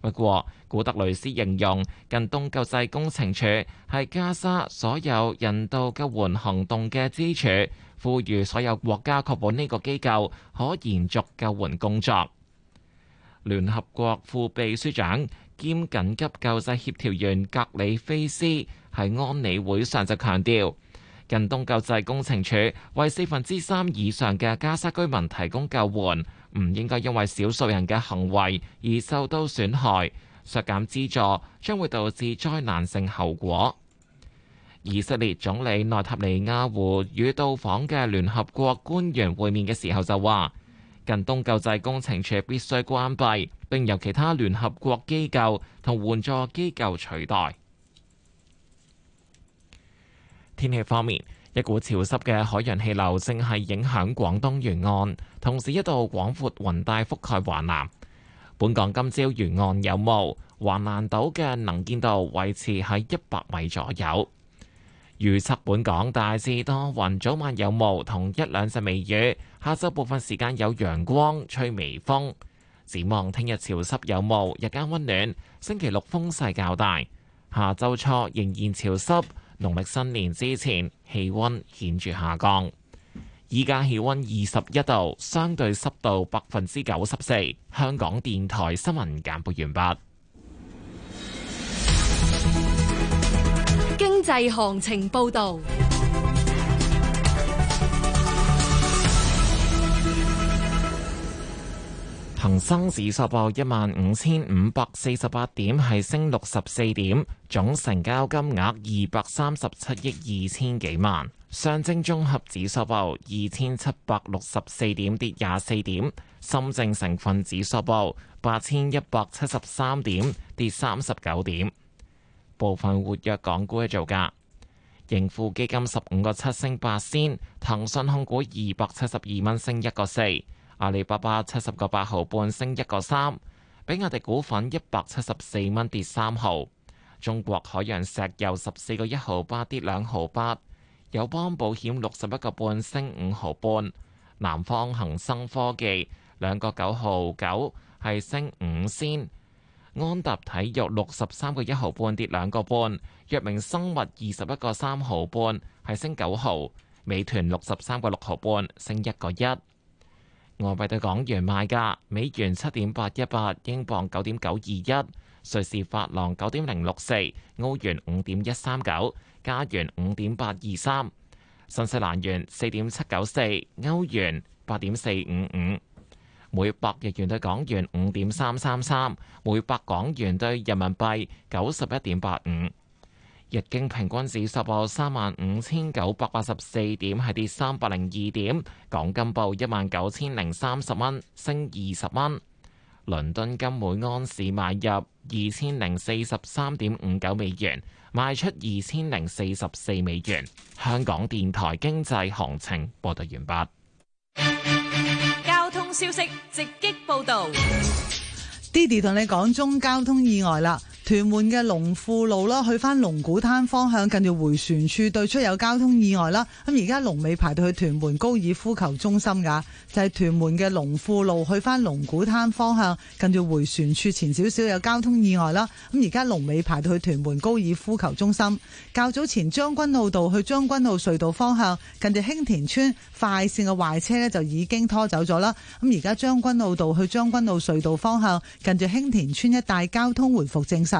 不過，古德雷斯形容近東救濟工程署係加沙所有人道救援行動嘅支柱，呼籲所有國家確保呢個機構可延續救援工作。聯合國副秘書長兼緊急救濟協調員格里菲斯喺安理會上就強調，近東救濟工程署為四分之三以上嘅加沙居民提供救援。唔應該因為少數人嘅行為而受到損害，削減資助將會導致災難性後果。以色列總理內塔尼亞胡與到訪嘅聯合國官員會面嘅時候就話，近東救濟工程處必須關閉，並由其他聯合國機構同援助機構取代。天氣方面。一股潮濕嘅海洋氣流正係影響廣東沿岸，同時一道廣闊雲帶覆蓋華南。本港今朝沿岸有霧，華南島嘅能見度維持喺一百米左右。預測本港大致多雲，早晚有霧，同一兩陣微雨。下周部分時間有陽光，吹微風。展望聽日潮濕有霧，日間溫暖。星期六風勢較大，下周初仍然潮濕。農曆新年之前。氣溫顯著下降，依家氣溫二十一度，相對濕度百分之九十四。香港電台新聞簡報完畢。經濟行情報道。恒生指數報一萬五千五百四十八點，係升六十四點，總成交金額二百三十七億二千幾萬。上證綜合指數報二千七百六十四點，跌廿四點。深證成分指數報八千一百七十三點，跌三十九點。部分活躍港股嘅造價，盈富基金十五個七升八仙，騰訊控股二百七十二蚊升一個四。阿里巴巴七十個八毫半升一個三，比亞迪股份一百七十四蚊跌三毫，中國海洋石油十四個一毫八跌兩毫八，友邦保險六十一個半升五毫半，南方恒生科技兩個九毫九係升五仙，安踏體育六十三個一毫半跌兩個半，藥明生物二十一個三毫半係升九毫，美團六十三個六毫半升一個一。外幣對港元賣價：美元七點八一八，英鎊九點九二一，瑞士法郎九點零六四，歐元五點一三九，加元五點八二三，新西蘭元四點七九四，歐元八點四五五，每百日元對港元五點三三三，每百港元對人民幣九十一點八五。日經平均指數報三萬五千九百八十四點，係跌三百零二點。港金報一萬九千零三十蚊，升二十蚊。倫敦金每安士買入二千零四十三點五九美元，賣出二千零四十四美元。香港電台經濟行情報道完畢。交通消息直擊報道，Didi 同你講中交通意外啦。屯門嘅龍富路啦，去翻龍鼓灘方向近住回旋處對出有交通意外啦。咁而家龍尾排到去屯門高爾夫球中心噶，就係屯門嘅龍富路去翻龍鼓灘方向近住回旋處前少少有交通意外啦。咁而家龍尾排到去屯門高爾夫球中心。較早前將軍澳道去將軍澳隧道方向近住興田村快綫嘅壞車呢，就已經拖走咗啦。咁而家將軍澳道去將軍澳隧道方向近住興田村一帶交通回復正常。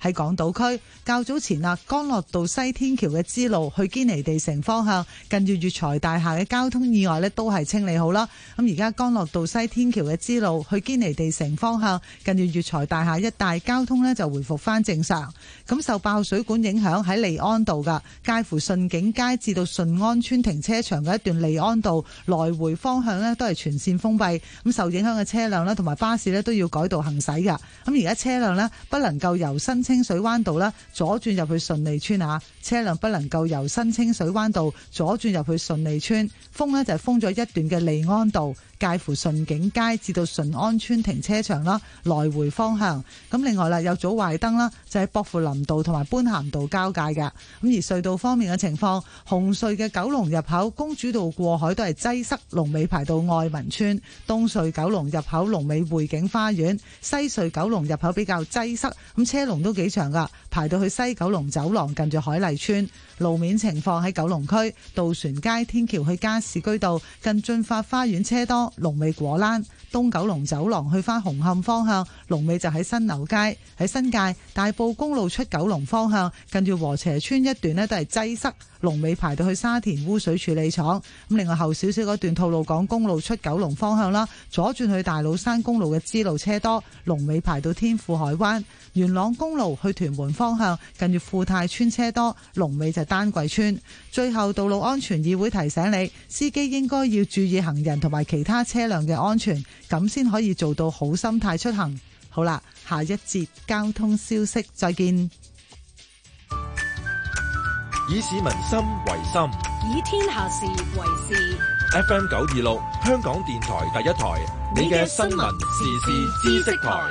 喺港島區較早前啊，干諾道西天橋嘅支路去堅尼地城方向，近住粵財大廈嘅交通意外咧，都係清理好啦。咁而家干諾道西天橋嘅支路去堅尼地城方向，近住粵財大廈一帶交通呢就回復翻正常。咁受爆水管影響喺利安道噶，介乎順景街至到順安邨停車場嘅一段利安道來回方向呢都係全線封閉。咁受影響嘅車輛咧同埋巴士呢都要改道行駛噶。咁而家車輛呢不能夠由新清水灣道啦，左轉入去順利村啊，車輛不能夠由新清水灣道左轉入去順利村，封呢，就係封咗一段嘅利安道。介乎順景街至到順安邨停車場啦，來回方向。咁另外啦，有組壞燈啦，就喺薄扶林道同埋般咸道交界嘅。咁而隧道方面嘅情況，紅隧嘅九龍入口公主道過海都係擠塞，龍尾排到愛民邨；東隧九龍入口龍尾匯景花園，西隧九龍入口比較擠塞，咁車龍都幾長噶，排到去西九龍走廊近住海麗邨。路面情況喺九龍區渡船街天橋去加士居道近俊發花園車多。龍尾果欄，東九龍走廊去翻紅磡方向，龍尾就喺新樓街。喺新界大埔公路出九龍方向，近住和斜村一段呢，都係擠塞，龍尾排到去沙田污水處理廠。咁另外後少少嗰段吐露港公路出九龍方向啦，左轉去大老山公路嘅支路車多，龍尾排到天賦海灣。元朗公路去屯門方向，近住富泰村車多，龍尾就丹桂村。最後，道路安全議會提醒你，司機應該要注意行人同埋其他車輛嘅安全，咁先可以做到好心態出行。好啦，下一節交通消息，再見。以市民心為心，以天下事為事。FM 九二六，香港電台第一台，你嘅新聞時事知識台。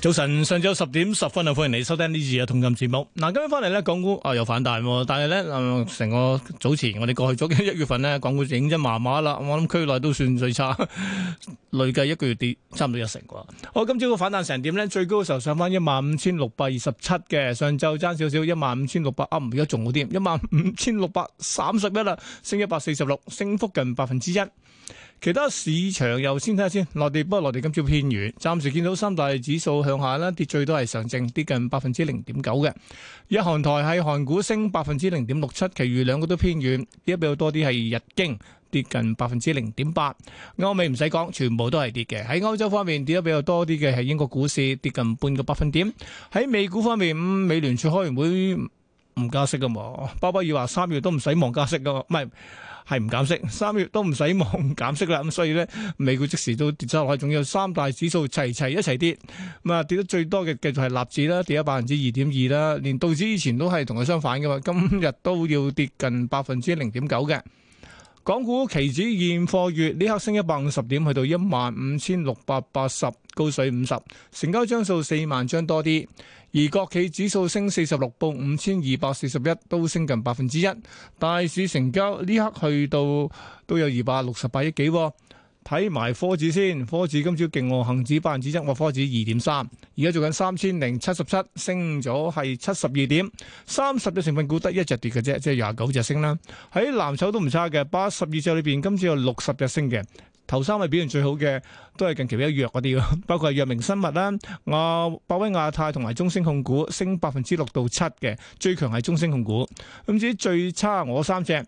早晨，上晝十點十分啊，歡迎你收聽呢次嘅《一桶金節目》啊。嗱，今日翻嚟咧，港股啊又反彈，但係咧成個早前我哋過去咗一月份呢，港股影真麻麻啦。我諗區內都算最差， 累計一個月跌差唔多一成啩。我今朝個反彈成點咧？最高嘅時候上翻一萬五千六百二十七嘅，上晝爭少少一萬五千六百，15, 600, 啊而家仲好啲，一萬五千六百三十一啦，升一百四十六，升幅近百分之一。其他市場又先睇下先，內地不過內地今朝偏軟，暫時見到三大指數向下啦，跌最多係上證跌近百分之零點九嘅。日韓台係韓股升百分之零點六七，其餘兩個都偏軟，跌得比較多啲係日經跌近百分之零點八。歐美唔使講，全部都係跌嘅。喺歐洲方面，跌得比較多啲嘅係英國股市跌近半個百分點。喺美股方面，美聯儲開完會唔加息㗎嘛？鮑威爾話三月都唔使望加息㗎，唔係。係唔減息，三月都唔使望減息啦。咁所以咧，美股即時都跌咗落去，仲有三大指數齊齊一齊跌。咁啊，跌得最多嘅繼續係納指啦，跌咗百分之二點二啦。連道指以前都係同佢相反嘅嘛，今日都要跌近百分之零點九嘅。港股期指現貨月呢刻升一百五十點，去到一萬五千六百八十，高水五十，成交張數四萬張多啲。而國企指數升四十六，報五千二百四十一，都升近百分之一。大市成交呢刻去到都有二百六十八億幾。睇埋科指先，科指今朝勁喎，恒指百分之一，我科指二點三，而家做緊三千零七十七，升咗係七十二點，三十隻成分股得一隻跌嘅啫，即係廿九隻升啦。喺藍籌都唔差嘅，八十二隻裏邊今次有六十隻升嘅，頭三位表現最好嘅，都係近期比較弱嗰啲咯，包括藥明生物啦，我、啊、百威亞太同埋中升控股升百分之六到七嘅，最強係中升控股。咁至最，最差我三隻。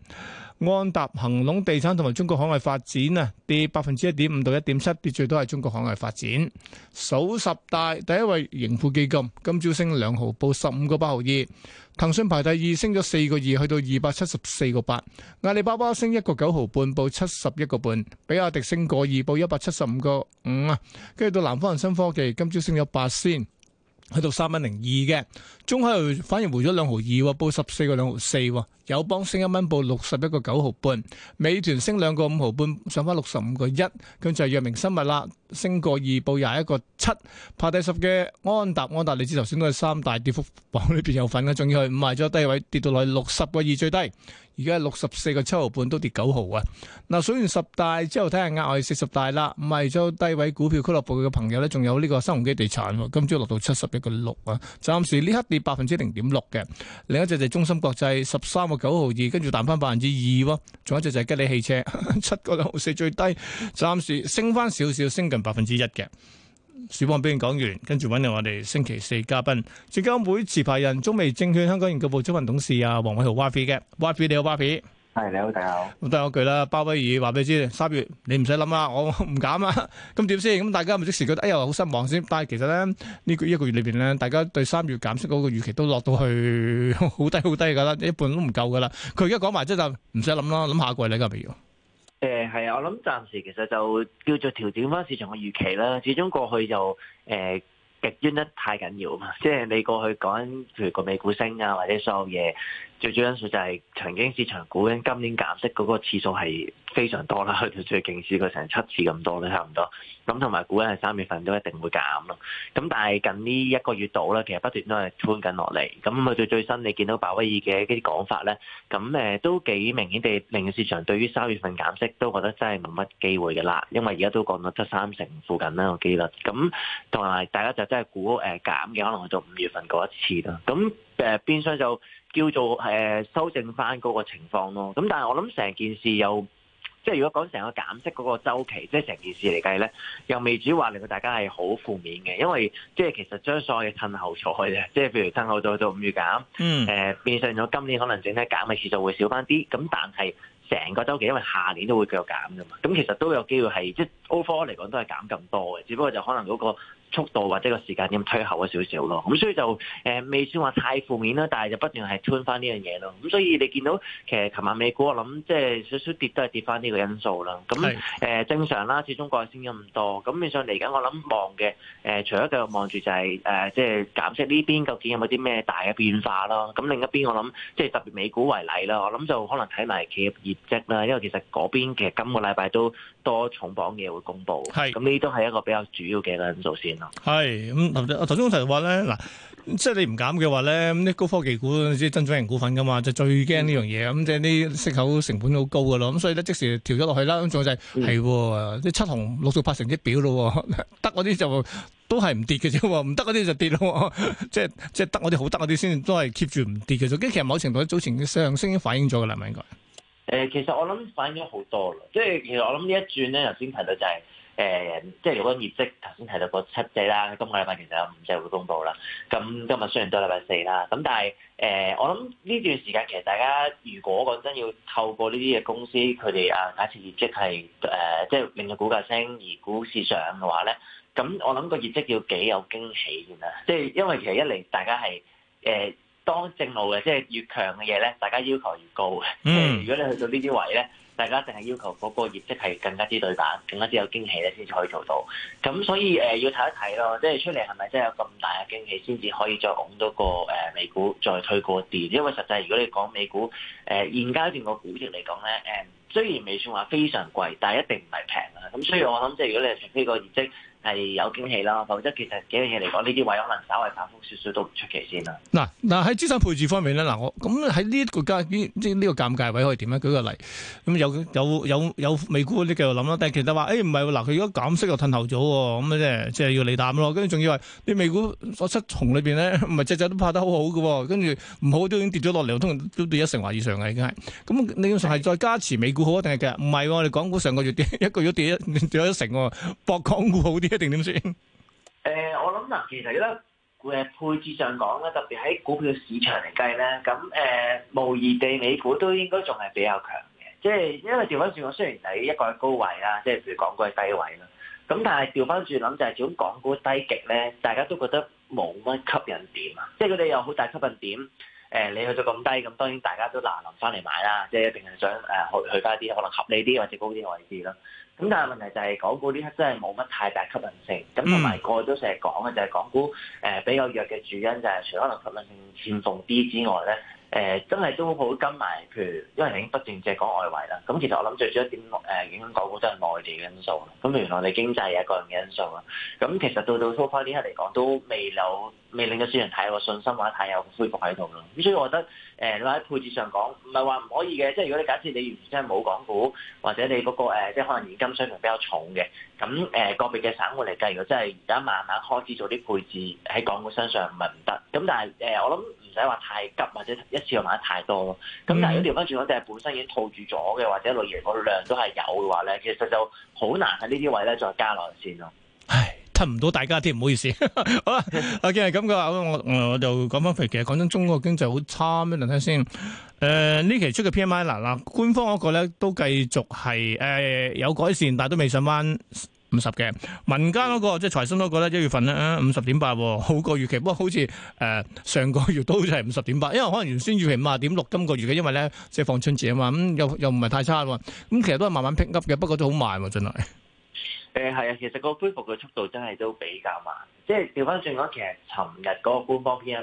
安踏、恒隆地產同埋中國海外發展啊，跌百分之一點五到一點七，跌最多係中國海外發展。數十大第一位盈富基金，今朝升兩毫，報十五個八毫二。騰訊排第二，升咗四個二，去到二百七十四個八。阿里巴巴升一個九毫半，報七十一個半，比亞迪升個二，報一百七十五個五啊。跟住到南方恒生科技，今朝升咗八仙。去到三蚊零二嘅，中海反而回咗兩毫二，報十四個兩毫四。友邦升一蚊，報六十一個九毫半。美團升兩個五毫半，上返六十五個一。咁就係藥明生物啦，升個二，報廿一個七。排第十嘅安踏，安踏你知頭先都係三大跌幅榜呢邊有份嘅，仲要係賣咗低位，跌到落去六十個二最低。而家六十四個七毫半，都跌九毫啊！嗱，數完十大之後睇下額外四十大啦，咁啊，而家低位股票俱樂部嘅朋友咧，仲有呢個新鴻基地產，今朝落到七十一個六啊，暫時呢刻跌百分之零點六嘅，另一隻就係中心國際十三個九毫二，跟住彈翻百分之二喎，仲有一隻就係吉利汽車七個六毫四最低，暫時升翻少少，升近百分之一嘅。曙光表現講完，跟住揾嚟我哋星期四嘉賓，證監會持牌人中美證券香港研究部執行董事阿黃偉豪 w YB 嘅 YB 你好 w YB，係，你好，大家好。咁多謝句啦，鮑威爾話俾你知，三月你唔使諗啦，我唔減啊，咁點先？咁大家咪即時覺得哎呀好失望先。但係其實咧呢、呢個一個月裏邊咧，大家對三月減息嗰個預期都落到去好低好低㗎啦，一半都唔夠㗎啦。佢而家講埋即就唔使諗啦，諗下個月嚟咪用。誒係啊，我諗暫時其實就叫做調整翻市場嘅預期啦。始終過去就誒、呃、極端得太緊要啊嘛，即係你過去講，譬如個美股升啊，或者所有嘢。最主要因素就係、是、曾經市場估緊今年減息嗰個次數係非常多啦，去到最勁試過成七次咁多咧，差唔多。咁同埋估緊三月份都一定會減咯。咁但係近呢一個月度咧，其實不斷都係寬緊落嚟。咁去到最新你見到鮑威爾嘅嗰啲講法咧，咁誒都幾明顯地令市場對於三月份減息都覺得真係冇乜機會嘅啦。因為而家都講到得三成附近啦，我記得。咁同埋大家就真係估誒減嘅，可能去到五月份嗰一次啦。咁誒、呃、變相就叫做誒、呃、修正翻嗰個情況咯。咁但係我諗成件事又即係如果講成個減息嗰個週期，即係成件事嚟計咧，又未至於話令到大家係好負面嘅，因為即係其實將所有嘢褪後咗啫。即係譬如褪後咗到五月減，誒、嗯呃、變相咗今年可能整體減嘅次數會少翻啲。咁但係成個週期，因為下年都會繼續減㗎嘛。咁其實都有機會係即 overall 嚟講都係減咁多嘅，只不過就可能嗰個。速度或者個時間點推後咗少少咯，咁所以就誒、呃、未算話太負面啦，但係就不斷係 turn 翻呢樣嘢咯。咁所以你見到其實琴晚美股我諗即係少少跌都係跌翻呢個因素啦。咁誒是、呃、正常啦，始終過先咁多。咁變相嚟緊我諗望嘅誒，除咗繼續望住就係誒即係減息呢邊，究竟有冇啲咩大嘅變化咯？咁另一邊我諗即係特別美股為例啦，我諗就可能睇埋企業業績啦，因為其實嗰邊其實今個禮拜都多重磅嘢會公布，咁呢都係一個比較主要嘅一個因素先。係咁，頭頭先我提到話咧，嗱、嗯，即係你唔減嘅話咧，咁啲高科技股，即啲增長型股份噶嘛，就最驚呢樣嘢，咁即係啲息口成本好高噶咯，咁所以咧即時調咗落去啦，咁、嗯、仲、嗯嗯嗯、就係係啲七同六成八成績表咯，得嗰啲就都係唔跌嘅啫，唔得嗰啲就跌咯，即係即係得我哋好得我哋先都係 keep 住唔跌嘅，其實某程度早前上升已經反映咗噶啦，唔係應該、呃？其實我諗反映咗好多啦，即係其實我諗呢一轉咧，頭先提到就係、是。誒，即係如果業績頭先提到個七仔啦，今個禮拜其實有五隻會公布啦。咁今日雖然都係禮拜四啦，咁但係誒，我諗呢段時間其實大家如果講真要透過呢啲嘅公司，佢哋啊，假設業績係誒，即係令到股價升而股市上嘅話咧，咁我諗個業績要幾有驚喜㗎啦。即係因為其實一嚟大家係誒，當正路嘅，即係越強嘅嘢咧，大家要求越高，即係嗯，如果你去到呢啲位咧。大家淨係要求嗰個業績係更加之對版，更加之有驚喜咧，先至可以做到。咁所以誒、呃，要睇一睇咯，即係出嚟係咪真係有咁大嘅驚喜，先至可以再拱多個誒、呃、美股再推個電。因為實際如果你講美股誒、呃、現階段個估值嚟講咧，誒、呃、雖然未算話非常貴，但係一定唔係平啦。咁所以我諗即係如果你係睇呢個業績。係有驚喜啦，否則其實幾樣嘢嚟講，呢啲位可能稍微反覆少少都唔出奇先啦。嗱嗱喺資產配置方面咧，嗱、啊、我咁喺呢一個介即係呢個尷尬位可以點咧？舉個例咁、嗯、有有有有美股嗰啲繼續諗啦，但係其實話誒唔係喎，嗱佢如果減息又褪後咗喎，咁、嗯、咧即係即係要離淡咯。跟住仲要係你美股所失重裏邊咧，唔係隻隻都拍得好好嘅，跟住唔好都已經跌咗落嚟，通常都跌一成或以上嘅已經係咁。你要係再加持美股好定係其實唔係、啊？你港股上個月跌，一個月跌咗一,一,一,一,一成喎，博港股好啲。一定點先？誒、呃，我諗嗱，其實咧誒，配置上講咧，特別喺股票市場嚟計咧，咁、呃、誒，無疑地，美股都應該仲係比較強嘅。即係因為調翻轉，我雖然係一個係高位啦，即係譬如港股係低位啦。咁但係調翻轉諗就係、是，如果港股低極咧，大家都覺得冇乜吸引點啊。即係佢哋有好大吸引點誒、呃，你去到咁低，咁當然大家都嗱嗱臨翻嚟買啦。即係一定係想誒、呃、去去翻啲可能合理啲或者高啲嘅位置啦。咁但係問題就係港股呢刻真係冇乜太大吸引性。咁同埋過去都成日、就是、講嘅就係港股誒比較弱嘅主因就係、是、除咗可能吸引性偏逢啲之外咧。誒、呃、真係都好跟埋，譬如因為你已經不斷淨係講外圍啦。咁其實我諗最主要一點誒影響港股都係內地嘅因素啦。咁原來你哋經濟嘅個人嘅因素啦。咁其實到到初初呢一刻嚟講，都未有未令到市場太有個信心或者太有恢復喺度咯。咁所以我覺得誒，你話喺配置上講，唔係話唔可以嘅。即係如果你假設你完全真係冇港股，或者你嗰、那個、呃、即係可能現金水平比較重嘅，咁誒、呃、個別嘅省會嚟計，如果真係而家慢慢開始做啲配置喺港股身上不不，唔係唔得。咁但係誒，我諗。唔使話太急或者一次又買得太多咯，咁但係如果調翻轉我哋係本身已經套住咗嘅，或者類型嗰量都係有嘅話咧，其實就好難喺呢啲位咧再加落去先咯。唉，氹唔到大家添，唔好意思。 好啦，OK 咁嘅話，我我就講翻肥如，其實講真，中國經濟好差咩樣？睇先看看。誒、呃，呢期出嘅 P M I 嗱嗱，官方嗰個咧都繼續係誒、呃、有改善，但係都未上翻。五十嘅民間嗰、那個即係財新嗰個咧一月份咧五十點八，好過預期，不過好似誒、呃、上個月都係五十點八，因為可能原先預期五十點六，今個月嘅因為咧即係放春節啊嘛，咁、嗯、又又唔係太差喎，咁、嗯、其實都係慢慢 pick up 嘅，不過都好慢喎、啊，真係。誒係啊，其實個恢復嘅速度真係都比較慢，即係調翻轉講，其實尋日嗰個官方 PMI，誒、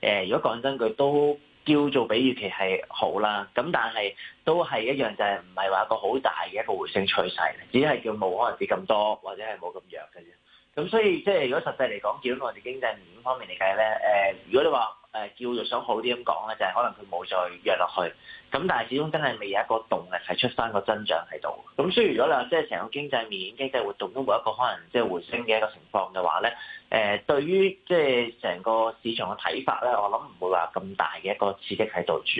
呃、如果講真佢都。叫做比預期係好啦，咁但係都係一樣，就係唔係話個好大嘅一個回升趨勢，只係叫冇可能跌咁多，或者係冇咁弱嘅啫。咁所以即係如果實際嚟講，見到我哋經濟面方面嚟計咧，誒、呃，如果你話。誒，叫做想好啲咁講咧，就係可能佢冇再約落去，咁但係始終真係未有一個動力係出翻個增長喺度。咁所以如果你話，即係成個經濟面、經濟活動都冇一個可能即係回升嘅一個情況嘅話咧，誒、呃、對於即係成個市場嘅睇法咧，我諗唔會話咁大嘅一個刺激喺度住。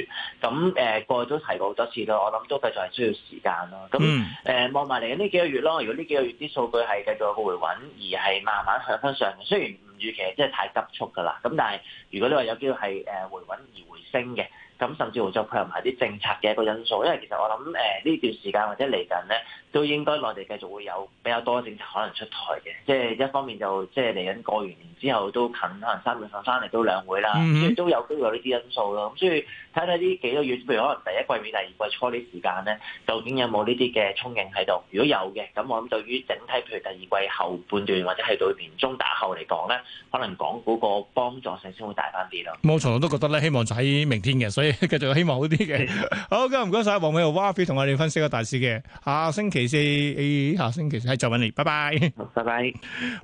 咁誒、呃、過去都提過好多次啦，我諗都繼續係需要時間囉。咁誒望埋嚟緊呢幾個月咯，如果呢幾個月啲數據係繼續有個回穩，而係慢慢向翻上，雖然。預期真係太急促㗎啦，咁但係如果你話有機會係誒、呃、回穩而回升嘅，咁甚至乎再配合埋啲政策嘅一個因素，因為其實我諗誒呢段時間或者嚟緊咧，都應該內地繼續會有比較多政策可能出台嘅，即係一方面就即係嚟緊過完年之後都近，可能三月份翻嚟都兩會啦，所以都有機會有呢啲因素咯。咁所以睇睇呢幾個月，譬如可能第一季尾、第二季初呢時間咧，究竟有冇呢啲嘅衝勁喺度？如果有嘅，咁我諗對於整體譬如第二季後半段或者係到年中打後嚟講咧，可能港股個幫助性先會大翻啲咯。我從來都覺得咧，希望就喺明天嘅，所以繼續希望好啲嘅。好，今日唔該晒黃美豪、w 同我哋分析下大市嘅下星期。四、哎、下星期再搵你，拜拜，拜拜 bye。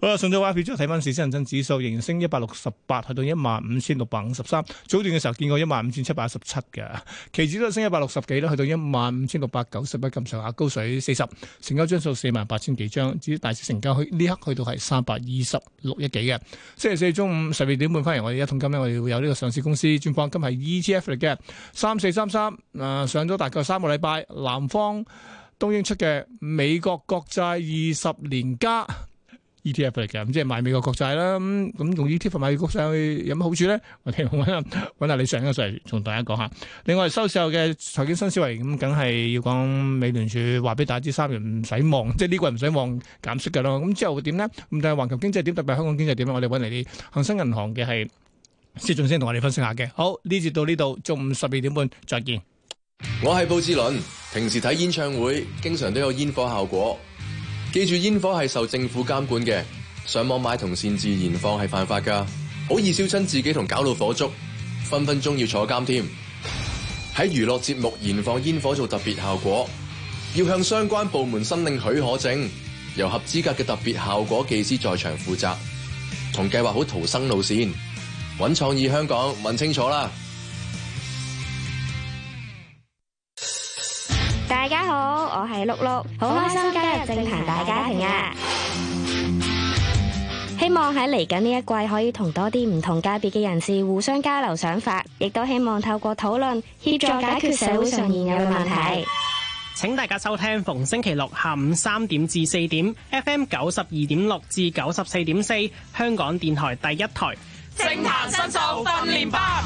好啦，上晝話結束，睇翻市升恒指指數，仍然升一百六十八，去到一萬五千六百五十三。早段嘅時候見過一萬五千七百一十七嘅，期指都升一百六十幾啦，去到一萬五千六百九十一，咁上下高水四十，成交張數四萬八千幾張，至於大市成交去呢刻去到係三百二十六億幾嘅。星期四中午十二點半翻嚟，我哋一桶金呢，我哋會有呢個上市公司專方今係 ETF 嚟嘅，三四三三誒，上咗大概三個禮拜，南方。東英出嘅美國國債二十年加 ETF 嚟嘅，咁即係買美國國債啦。咁、嗯嗯、用 ETF 買國債有乜好處咧？我哋揾下，揾下你上一節嚟同大家講下。另外收市後嘅財經新思維，咁梗係要講美聯儲話俾大家知，三年唔使望，即係呢個月唔使望減息噶啦。咁之後會點咧？咁但係環球經濟點，特別係香港經濟點，我哋揾嚟啲恒生銀行嘅係薛俊先同我哋分析下嘅。好，呢節到呢度，中午十二點半再見。我係布志倫，平時睇演唱會經常都有煙火效果。記住煙火係受政府監管嘅，上網買同擅自燃放係犯法噶，好易燒親自己同搞到火燭，分分鐘要坐監添。喺娛樂節目燃放煙火做特別效果，要向相關部門申領許可證，由合資格嘅特別效果技師在場負責，同計劃好逃生路線，搵創意香港問清楚啦。我係碌碌，好開心加入政壇大家庭啊！希望喺嚟緊呢一季可以同多啲唔同界別嘅人士互相交流想法，亦都希望透過討論協助解決社會上現有嘅問題。請大家收聽，逢星期六下午三點至四點，FM 九十二點六至九十四點四，香港電台第一台政壇新秀訓練班。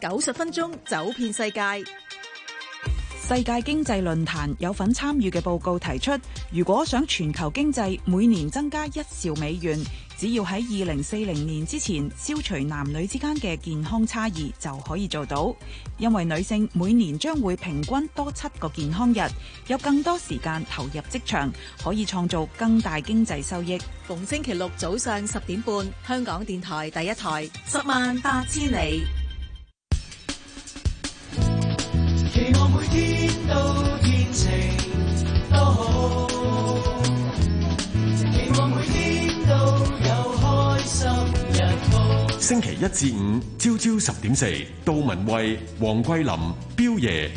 九十分鐘走遍世界。世界經濟論壇有份參與嘅報告提出，如果想全球經濟每年增加一兆美元，只要喺二零四零年之前消除男女之間嘅健康差異就可以做到。因為女性每年將會平均多七個健康日，有更多時間投入職場，可以創造更大經濟收益。逢星期六早上十點半，香港電台第一台，十萬八千里。期望每天都天晴多好期望每每天天天晴都都好。有開心日報，星期一至五，朝朝十點四，杜文蔚、黃桂林、標爺。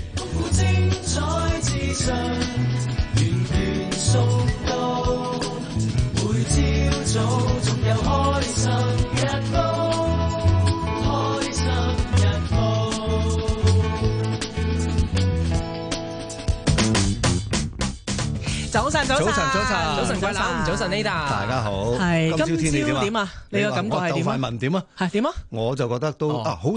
早晨，早晨，早晨，早晨早晨，Ada，大家好。係今朝天氣點啊？你嘅感覺係點啊？就快問點啊？係點啊？我就覺得都啊好，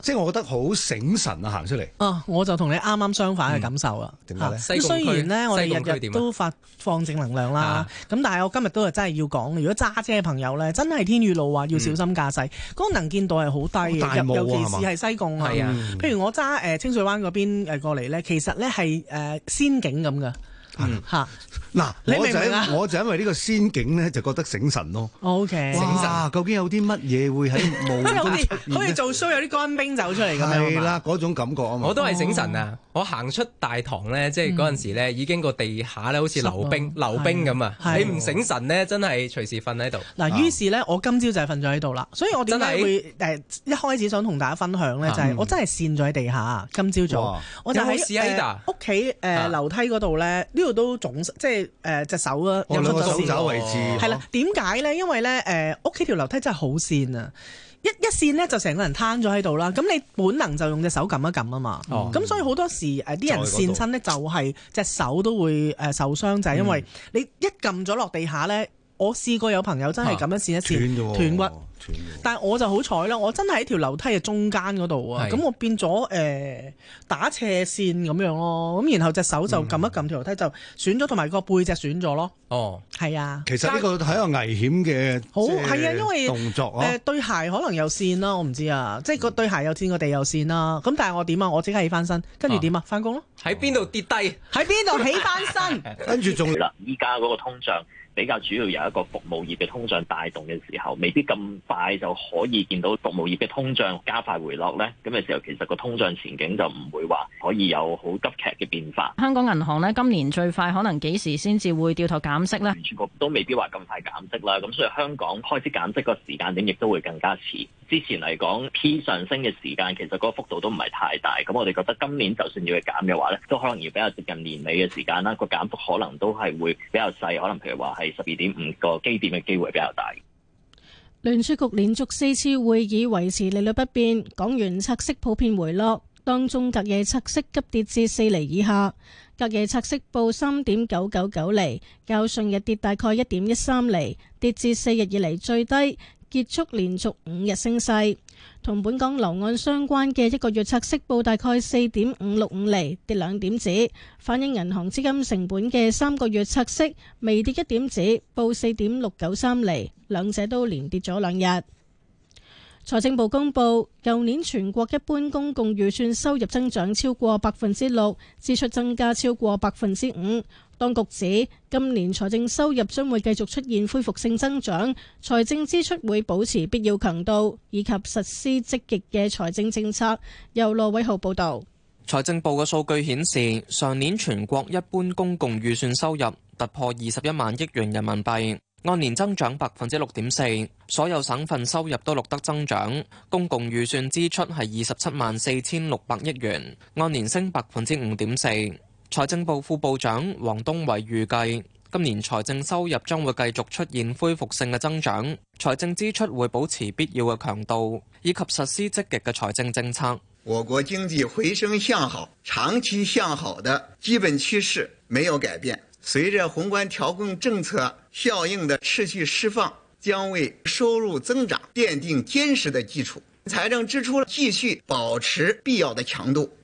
即係我覺得好醒神啊！行出嚟。哦，我就同你啱啱相反嘅感受啊！點解咧？西貢區，西貢日日都發放正能量啦。咁但係我今日都係真係要講，如果揸車嘅朋友咧，真係天雨路滑，要小心駕駛。嗰個能見度係好低啊！大霧啊！尤其是係西貢係啊。譬如我揸誒清水灣嗰邊誒過嚟咧，其實咧係誒仙境咁噶。嗯，好。嗱，我就我就因為呢個仙境咧，就覺得醒神咯。O K，醒神，究竟有啲乜嘢會喺無好似做 show 有啲乾冰走出嚟咁樣，係啦，嗰種感覺啊嘛。我都係醒神啊！我行出大堂咧，即係嗰陣時咧，已經個地下咧好似溜冰、溜冰咁啊！你唔醒神咧，真係隨時瞓喺度。嗱，於是咧，我今朝就係瞓咗喺度啦。所以我點解會誒一開始想同大家分享咧，就係我真係跣咗喺地下。今朝早，我就喺屋企誒樓梯嗰度咧，呢度都腫，即係。誒隻、呃、手啦、哦，用手肘位置係啦。點解咧？因為咧，誒屋企條樓梯真係好跣啊！一一跣咧，就成個人攤咗喺度啦。咁你本能就用隻手撳一撳啊嘛。哦、嗯。咁所以好多時誒啲、呃、人跣親咧，就係隻手都會誒受傷就係、嗯、因為你一撳咗落地下咧。我試過有朋友真係咁樣跣一跣斷咗，斷骨。但係我就好彩啦，我真係喺條樓梯嘅中間嗰度啊。咁我變咗誒打斜線咁樣咯。咁然後隻手就撳一撳條樓梯就損咗，同埋個背脊損咗咯。哦，係啊。其實呢個係一個危險嘅好係啊，因為動作誒對鞋可能有線啦，我唔知啊。即係個對鞋有線，個地有線啦。咁但係我點啊？我即刻起翻身，跟住點啊？翻工咯。喺邊度跌低？喺邊度起翻身？跟住仲啦。依家嗰個通脹。比較主要有一個服務業嘅通脹帶動嘅時候，未必咁快就可以見到服務業嘅通脹加快回落呢咁嘅、那個、時候，其實個通脹前景就唔會話可以有好急劇嘅變化。香港銀行咧，今年最快可能幾時先至會掉頭減息呢？全國都未必話咁快減息啦。咁所以香港開始減息個時間點亦都會更加遲。之前嚟講 P 上升嘅時間，其實嗰個幅度都唔係太大。咁我哋覺得今年就算要去減嘅話咧，都可能要比較接近年尾嘅時間啦。個減幅可能都係會比較細，可能譬如話係十二點五個基點嘅機會比較大。聯儲局連續四次會議維持利率不變，港元拆息普遍回落，當中隔夜拆息急跌至四厘以下，隔夜拆息報三點九九九厘，較上日跌大概一點一三厘，跌至四日以嚟最低。結束連續五日升勢，同本港樓按相關嘅一個月拆息報大概四點五六五厘，跌兩點子，反映銀行資金成本嘅三個月拆息微跌一點子，報四點六九三厘，兩者都連跌咗兩日。財政部公布，舊年全國一般公共預算收入增長超過百分之六，支出增加超過百分之五。當局指，今年財政收入將會繼續出現恢復性增長，財政支出會保持必要強度，以及實施積極嘅財政政策。由羅偉豪報導。財政部嘅數據顯示，上年全國一般公共預算收入突破二十一萬億元人民幣，按年增長百分之六點四，所有省份收入都錄得增長。公共預算支出係二十七萬四千六百億元，按年升百分之五點四。財政部副部長王東偉預計，今年財政收入將會繼續出現恢復性嘅增長，財政支出會保持必要嘅強度，以及實施積極嘅財政政策。我國經濟回升向好、長期向好的基本趨勢沒有改變，隨着宏觀調控政策效應的持續釋放，將為收入增長奠定堅實的基礎。財政支出繼續保持必要的強度。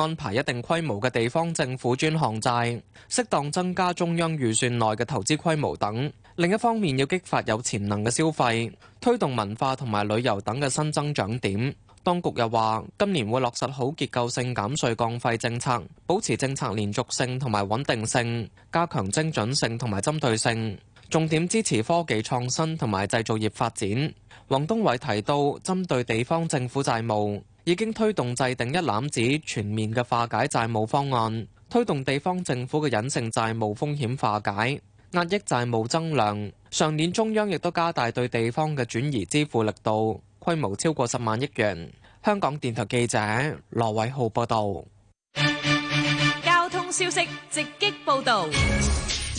安排一定規模嘅地方政府專項債，適當增加中央預算內嘅投資規模等。另一方面，要激發有潛能嘅消費，推動文化同埋旅遊等嘅新增長點。當局又話今年會落實好結構性減稅降費政策，保持政策連續性同埋穩定性，加強精準性同埋針對性，重點支持科技創新同埋製造業發展。王東偉提到，針對地方政府債務。已經推動制定一攬子全面嘅化解債務方案，推動地方政府嘅隱性債務風險化解，壓抑債務增量。上年中央亦都加大對地方嘅轉移支付力度，規模超過十萬億元。香港電台記者羅偉浩報道。交通消息直擊報道。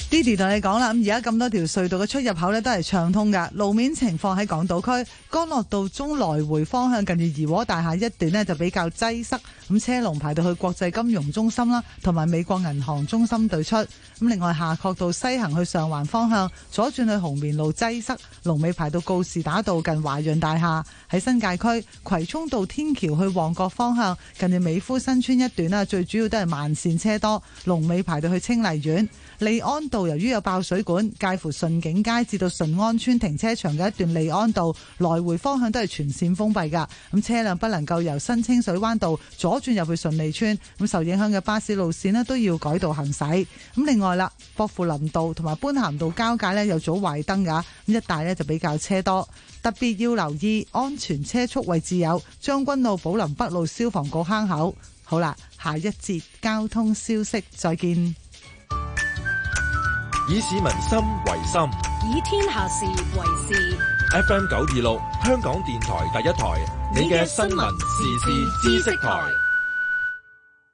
Didi 同你講啦，咁而家咁多條隧道嘅出入口呢都係暢通噶。路面情況喺港島區干諾道中來回方向近住怡和大廈一段呢就比較擠塞，咁車龍排到去國際金融中心啦，同埋美國銀行中心對出。咁另外下角道西行去上環方向，左轉去紅棉路擠塞，龍尾排到告士打道近華潤大廈。喺新界區葵涌道天橋去旺角方向近住美孚新村一段呢最主要都係慢線車多，龍尾排到去清麗苑。利安道由於有爆水管，介乎順景街至到順安村停車場嘅一段利安道來回方向都係全線封閉噶，咁車輛不能夠由新清水灣道左轉入去順利村，咁受影響嘅巴士路線咧都要改道行駛。咁另外啦，薄扶林道同埋般咸道交界咧有組壞燈噶，咁一帶呢就比較車多，特別要留意安全車速位置有將軍路、寶林北路、消防局坑口。好啦，下一節交通消息再見。以市民心為心，以天下事為事。FM 九二六，香港電台第一台，你嘅新聞時事知識台。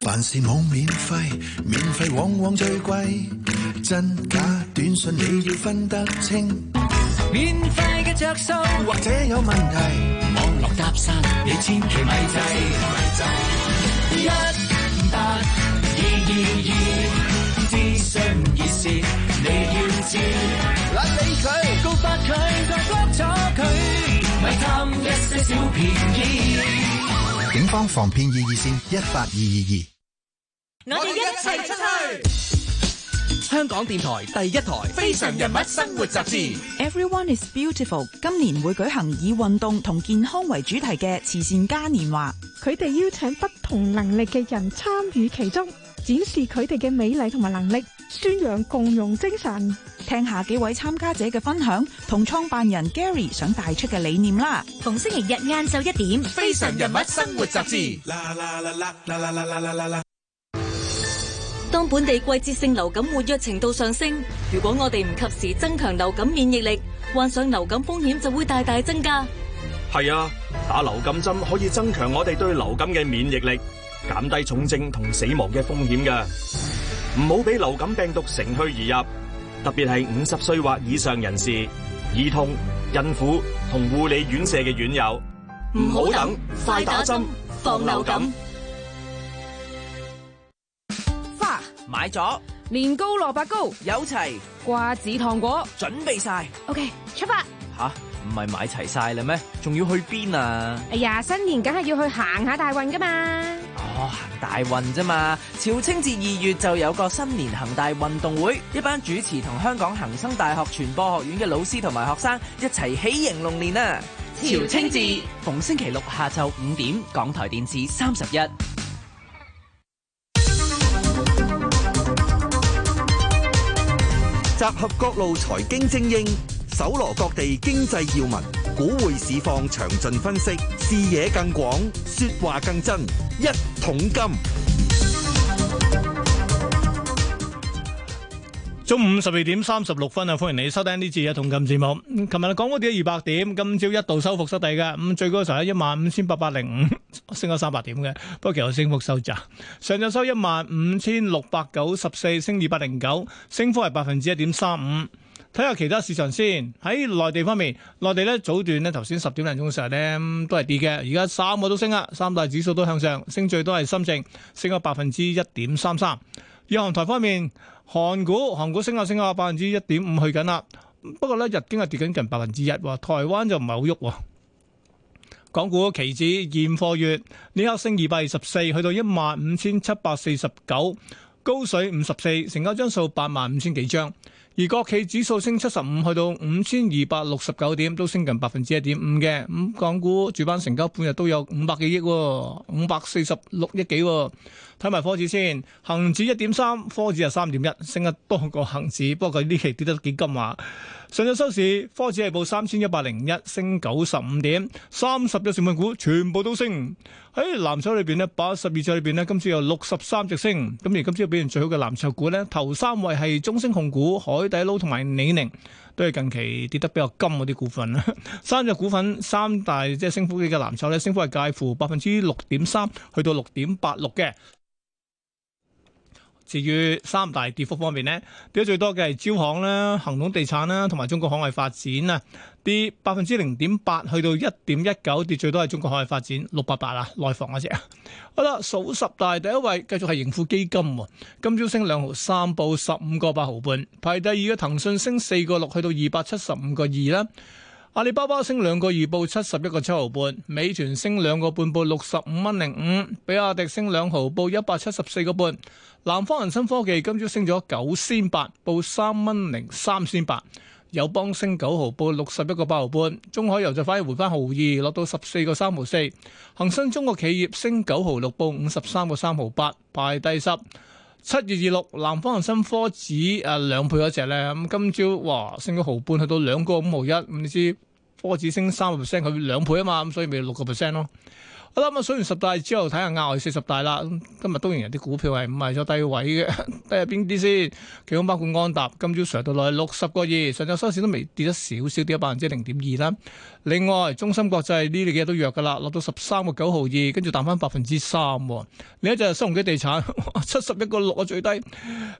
凡事冇免費，免費往往最貴。真假短信你要分得清。免費嘅著數或者有問題，網絡搭訕你千祈咪制，咪制。一八二二二，資訊熱線。咪貪一啲小便宜。警方防騙二二線一八二二二，我哋一齊出去。香港電台第一台《非常人物生活雜誌》，Everyone is beautiful。今年會舉行以運動同健康為主題嘅慈善嘉年華，佢哋邀請不同能力嘅人參與其中，展示佢哋嘅美麗同埋能力。宣揚共融精神，聽下幾位參加者嘅分享同創辦人 Gary 想帶出嘅理念啦。逢星期日晏晝一點，《非常人物生活雜誌》。當本地季節性流感活躍程度上升，如果我哋唔及時增強流感免疫力，患上流感風險就會大大增加。係啊，打流感針可以增強我哋對流感嘅免疫力，減低重症同死亡嘅風險㗎。唔好俾流感病毒乘虛而入，特別係五十歲或以上人士、兒童、孕婦同護理院舍嘅院友。唔好等，快打針防流感。花買咗，年糕、蘿蔔糕有齊，瓜子、糖果準備晒。OK，出發。吓，唔係買齊晒啦咩？仲要去邊啊？哎呀，新年梗係要去行下大運噶嘛！大運啫嘛！朝清至二月就有個新年恒大運動會，一班主持同香港恒生大學傳播學院嘅老師同埋學生一齊喜迎龍年啊！朝清至逢星期六下晝五點，港台電視三十一，集合各路財經精英，搜羅各地經濟要聞。股匯市況詳盡分析，視野更廣，說話更真。一桶金，中午十二點三十六分啊！歡迎你收聽呢次一桶金節目。琴日港股跌二百點，今朝一度收復收底收復失地嘅，咁最高嘅時候咧一萬五千八百零五，升咗三百點嘅，不過其實升幅收窄，上晝收一萬五千六百九十四，升二百零九，升幅係百分之一點三五。睇下其他市場先。喺內地方面，內地咧早段咧頭先十點零鐘嘅時候咧、嗯、都係跌嘅，而家三個都升啦，三大指數都向上，升最多係深證，升咗百分之一點三三。亞航台方面，韓股韓股升啊升啊，百分之一點五去緊啦。不過咧日經係跌緊近百分之一喎，台灣就唔係好喐喎。港股期指現貨月，呢刻升二百二十四，去到一萬五千七百四十九，高水五十四，成交張數八萬五千幾張。而國企指數升七十五，去到五千二百六十九點，都升近百分之一點五嘅。咁港股主板成交半日都有五百幾億喎，五百四十六億幾喎。睇埋科指先，恒指一點三，科指啊三點一，升得多過恒指。不過佢呢期跌得幾金話！上日收市，科指係報三千一百零一，升九十五點，三十隻成分股全部都升。喺、哎、藍籌裏邊呢，八十二隻裏邊呢，今次有六十三隻升。咁而今次表現最好嘅藍籌股呢，頭三位係中升控股、海底撈同埋李寧，都係近期跌得比較金嗰啲股份啦。 三隻股份三大即係升幅嘅藍籌咧，升幅係介乎百分之六點三去到六點八六嘅。至於三大跌幅方面呢，跌得最多嘅係招行咧、恆隆地產啦，同埋中國海外發展啊，跌百分之零點八去到一點一九，跌最多係中國海外發展六八八啊，88，內房嗰隻。 好啦，數十大第一位繼續係盈富基金喎，今朝升兩毫三報十五個八毫半。排第二嘅騰訊升四個六去到二百七十五個二啦，阿里巴巴升兩個二報七十一個七毫半，美團升兩個半報六十五蚊零五，比亞迪升兩毫報一百七十四個半。南方恆生科技今朝升咗九仙八，報三蚊零三仙八。友邦升九毫，報六十一個八毫半。中海油就反而回翻毫二，落到十四個三毫四。恆生中國企業升九毫六，報五十三個三毫八，排第十。七二二六南方恆生科指，誒、啊、兩倍嗰隻咧，咁今朝哇升咗毫半，去到兩個五毫一。咁你知科指升三個 percent，佢兩倍啊嘛，咁所以咪六個 percent 咯。好啦，咁睇完十大之後，睇下額外四十大啦。今日當然有啲股票係唔係咗低位嘅，跌入邊啲先？其中包括安踏，今朝上到落去六十個二，上晝收市都未跌咗少少，跌咗百分之零點二啦。另外，中芯國際呢幾日都弱噶啦，落到十三個九毫二，跟住彈翻百分之三。另一隻係新鴻基地產，七十一個六嘅最低，誒、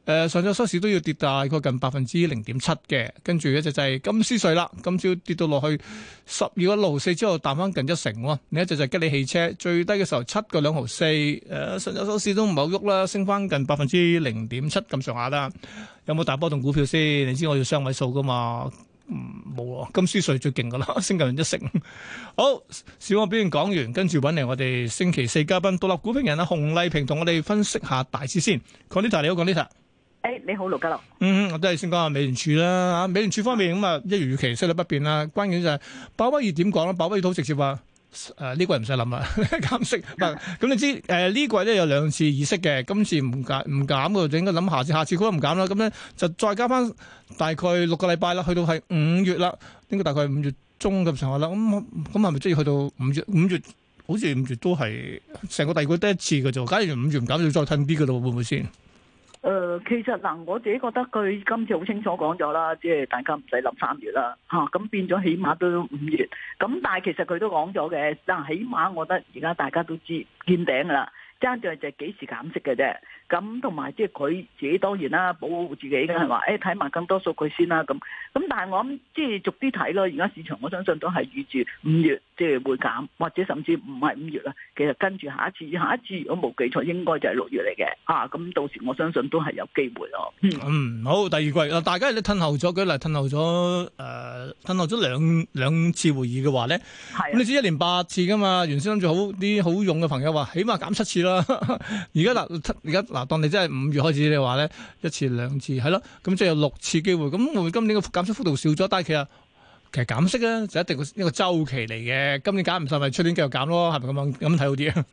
呃、上晝收市都要跌大概近百分之零點七嘅。跟住一隻就係金斯瑞啦，今朝跌到落去十二個六毫四之後，彈翻近一成。另一隻就係吉利汽車。最低嘅時候七個兩毫四，誒，上日收市都唔好喐啦，升翻近百分之零點七咁上下啦。有冇大波動股票先？你知我要雙位數噶嘛？冇咯，金斯瑞最勁噶啦，升近一成。好，市場表現講完，跟住揾嚟我哋星期四嘉賓獨立股評人阿洪麗萍同我哋分析下大市先。Gonita 你好 Gonita。誒，你好盧家樂。嗯，我都係先講下美聯儲啦。啊，美聯儲方面咁啊，一如預期息率不變啦。關鍵就係鮑威爾點講咧？鮑威爾好直接話。誒呢、uh, 季唔使諗啦減息，唔咁你知誒呢季咧有兩次議息嘅，今次唔減唔減嘅就應該諗下次，下次估都唔減啦。咁咧就再加翻大概六個禮拜啦，去到係五月啦，應該大概五月中咁上下啦。咁咁係咪即係要去到五月？ 五月好似五月都係成個第二季得一次嘅就，假如五月唔減，要再褪啲嘅咯，會唔會先？誒、呃，其實嗱，我自己覺得佢今次好清楚講咗啦，即係大家唔使諗三月啦，嚇、啊，咁變咗起碼都五月。咁但係其實佢都講咗嘅，但係起碼我覺得而家大家都知見頂啦，爭住就係幾時減息嘅啫。咁同埋即係佢自己當然啦，保護自己嘅係話，誒睇埋更多數據先啦咁。咁但係我諗即係逐啲睇咯。而家市場我相信都係預住五月即係、就是、會減，或者甚至唔係五月啦。其實跟住下一次，下一次如果冇記錯，應該就係六月嚟嘅啊。咁到時我相信都係有機會咯。嗯，嗯，好第二季大家都褪後咗，舉例褪後咗誒褪後咗兩兩次會議嘅話咧，啊、你知一年八次噶嘛？原先諗住好啲好用嘅朋友話，起碼減七次啦。而家嗱，而家。嗱，當你真係五月開始你話咧一次兩次係咯，咁即有六次機會，咁會唔會今年嘅減息幅度少咗？但係其實其實減息咧就一定一個周期嚟嘅，今年減唔晒咪出年繼續減咯，係咪咁樣咁睇好啲啊？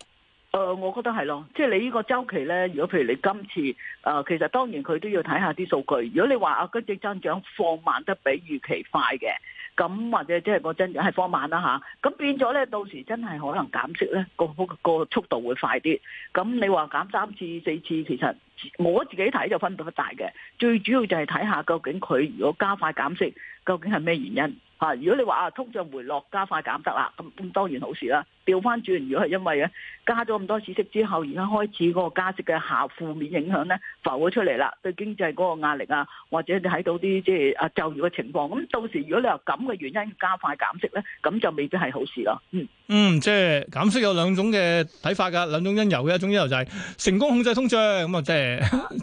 誒、呃，我覺得係咯，即係你個呢個周期咧，如果譬如你今次誒、呃，其實當然佢都要睇下啲數據。如果你話啊，經濟增長放慢得比預期快嘅。咁或者即係嗰陣係放慢啦、啊、嚇，咁變咗咧，到時真係可能減息咧，個個速度會快啲。咁你話減三次四次，其實我自己睇就分別不大嘅，最主要就係睇下究竟佢如果加快減息，究竟係咩原因？啊！如果你話啊，通脹回落加快減得啦，咁咁當然好事啦。調翻轉，如果係因為咧加咗咁多刺激之後，而家開始嗰個加息嘅下負面影響咧浮咗出嚟啦，對經濟嗰個壓力啊，或者你睇到啲即係啊就業嘅情況，咁到時如果你話咁嘅原因加快減息咧，咁就未必係好事咯。嗯嗯，即係減息有兩種嘅睇法噶，兩種因由嘅，一種因由就係成功控制通脹，咁啊即係。就是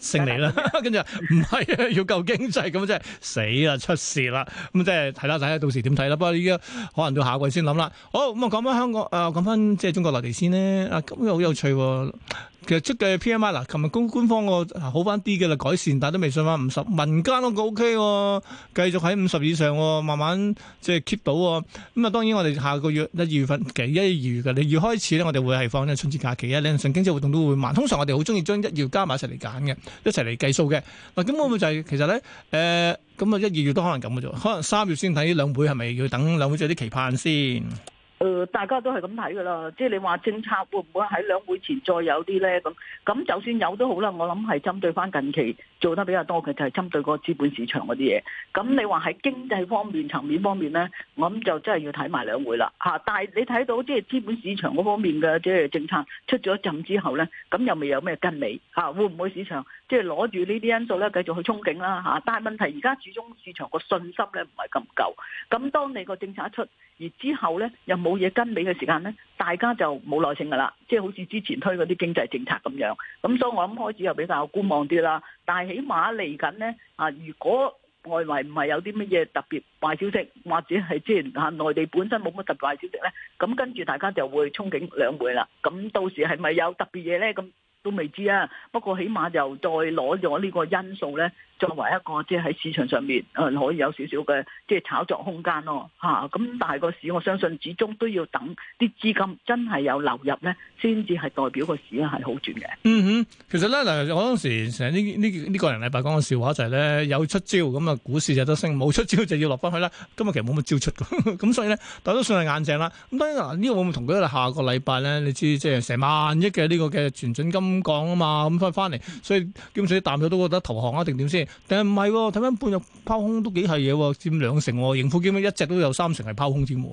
勝利啦，跟住唔係啊，要救經濟咁即係死啦，出事啦，咁即係睇啦，睇下到時點睇啦？不過依家可能到下季先諗啦。好，咁啊，我講翻香港啊，呃、講翻即係中國內地先咧。啊，今日好有趣，哦。其實出嘅 PMI 嗱，琴日公官方個好翻啲嘅啦，改善，但係都未上翻五十，50，民間都個 OK 喎，繼續喺五十以上，啊，慢慢即係 keep 到。咁啊，當然我哋下個月一月份，其實一、二月嘅你要開始咧，我哋會係放呢春節假期啊，呢啲上經濟活動都會慢。通常我哋好中意將一月加埋一齊嚟揀嘅，一齊嚟計數嘅。嗱，咁會唔會就係、是、其實咧？誒、呃，咁啊，一、二月都可能咁嘅啫，可能三月先睇兩會係咪要等兩會，仲有啲期盼先。誒、呃，大家都係咁睇㗎啦，即係你話政策會唔會喺兩會前再有啲呢？咁咁就算有都好啦，我諗係針對翻近期做得比較多嘅，就係、是、針對嗰個資本市場嗰啲嘢。咁你話喺經濟方面層面方面呢，我諗就真係要睇埋兩會啦，嚇、啊！但係你睇到即係、就是、資本市場嗰方面嘅即係政策出咗陣之後呢，咁又未有咩跟尾嚇、啊？會唔會市場即係攞住呢啲因素呢繼續去憧憬啦、啊、嚇、啊？但係問題而家始終市場個信心呢唔係咁夠，咁當你個政策一出。而之後呢，又冇嘢跟尾嘅時間呢，大家就冇耐性噶啦，即係好似之前推嗰啲經濟政策咁樣。咁所以我諗開始又比較觀望啲啦。但係起碼嚟緊呢，啊，如果外圍唔係有啲乜嘢特別壞消息，或者係即係啊，內地本身冇乜特別壞消息呢，咁跟住大家就會憧憬兩會啦。咁到時係咪有特別嘢呢？咁都未知啊。不過起碼又再攞咗呢個因素呢。作為一個即係喺市場上面，誒可以有少少嘅即係炒作空間咯嚇。咁、啊、但係個市，我相信始終都要等啲資金真係有流入咧，先至係代表個市係好轉嘅。嗯哼，其實咧嗱，我當時成日呢呢呢個人禮拜講嘅笑話就係、是、咧，有出招咁啊，股市就得升，冇出招就要落翻去啦。今日其實冇乜招出嘅，咁 所以咧，大都算係硬淨啦。咁當然嗱，呢個會唔會同佢下個禮拜咧，你知即係成萬億嘅呢個嘅存準金降啊嘛，咁翻翻嚟，所以基本上啲淡咗都覺得投降啊，定點先？但係唔係？睇翻半日拋空都幾係嘢，佔兩成。盈富基金一直都有三成係拋空添。誒、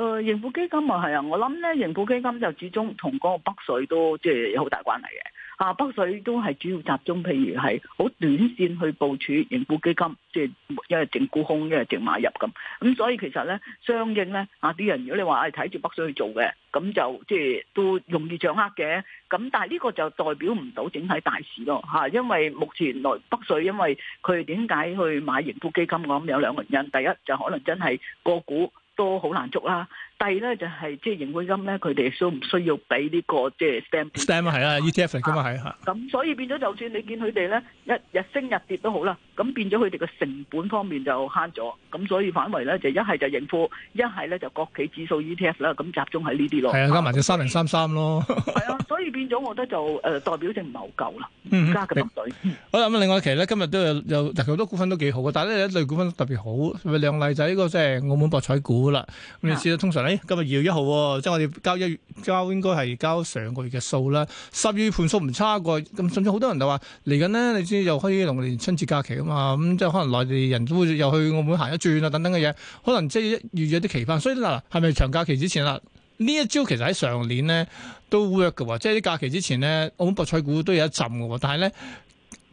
呃，盈富基金啊係啊，我諗咧盈富基金就始終同嗰個北水都即係、呃、有好大關係嘅。啊，北水都係主要集中，譬如係好短線去部署盈富基金，即係一係淨沽空，一係淨買入咁。咁所以其實咧，相應咧，啊啲人如果你話睇住北水去做嘅，咁就即係都容易掌握嘅。咁但係呢個就代表唔到整體大市咯嚇，因為目前嚟北水因為佢點解去買盈富基金我諗有兩個原因，第一就可能真係個股都好難捉啦。係咧，就係即係盈富基金咧，佢哋需唔需要俾呢個即係 stamp？stamp 啊，係啦，ETF 嚟㗎嘛，係嚇。咁所以變咗，就算你見佢哋咧，一日升日跌都好啦，咁變咗佢哋個成本方面就慳咗，咁所以反為咧就一係就盈富，一係咧就國企指數 ETF 啦，咁集中喺呢啲咯。係啊，加埋隻三零三三咯。係啊，所以變咗，我覺得就誒代表性唔係好夠啦，加個白水。好啦，咁另外其實咧，今日都有有好多股份都幾好嘅，但係咧有一類股份特別好，咪亮麗就係呢個即係澳門博彩股啦。咁你知啦，通常咧。今日二月一號、哦，即係我哋交一月，交，應該係交上個月嘅數啦。十月盤數唔差過，咁甚至好多人就話嚟緊呢，你知又可以龍年春節假期啊嘛，咁、嗯、即係可能內地人都會又去澳門行一轉啊，等等嘅嘢，可能即係預咗啲期盼。所以嗱，係咪長假期之前啦？呢一招其實喺上年呢都 work 嘅，即係啲假期之前呢，澳門博彩股都有一浸嘅。但係咧，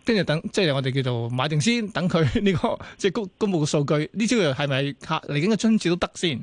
跟住等，即係我哋叫做買定先，等佢呢、這個即係公公布嘅數據。呢招又係咪嚟緊嘅春節都得先？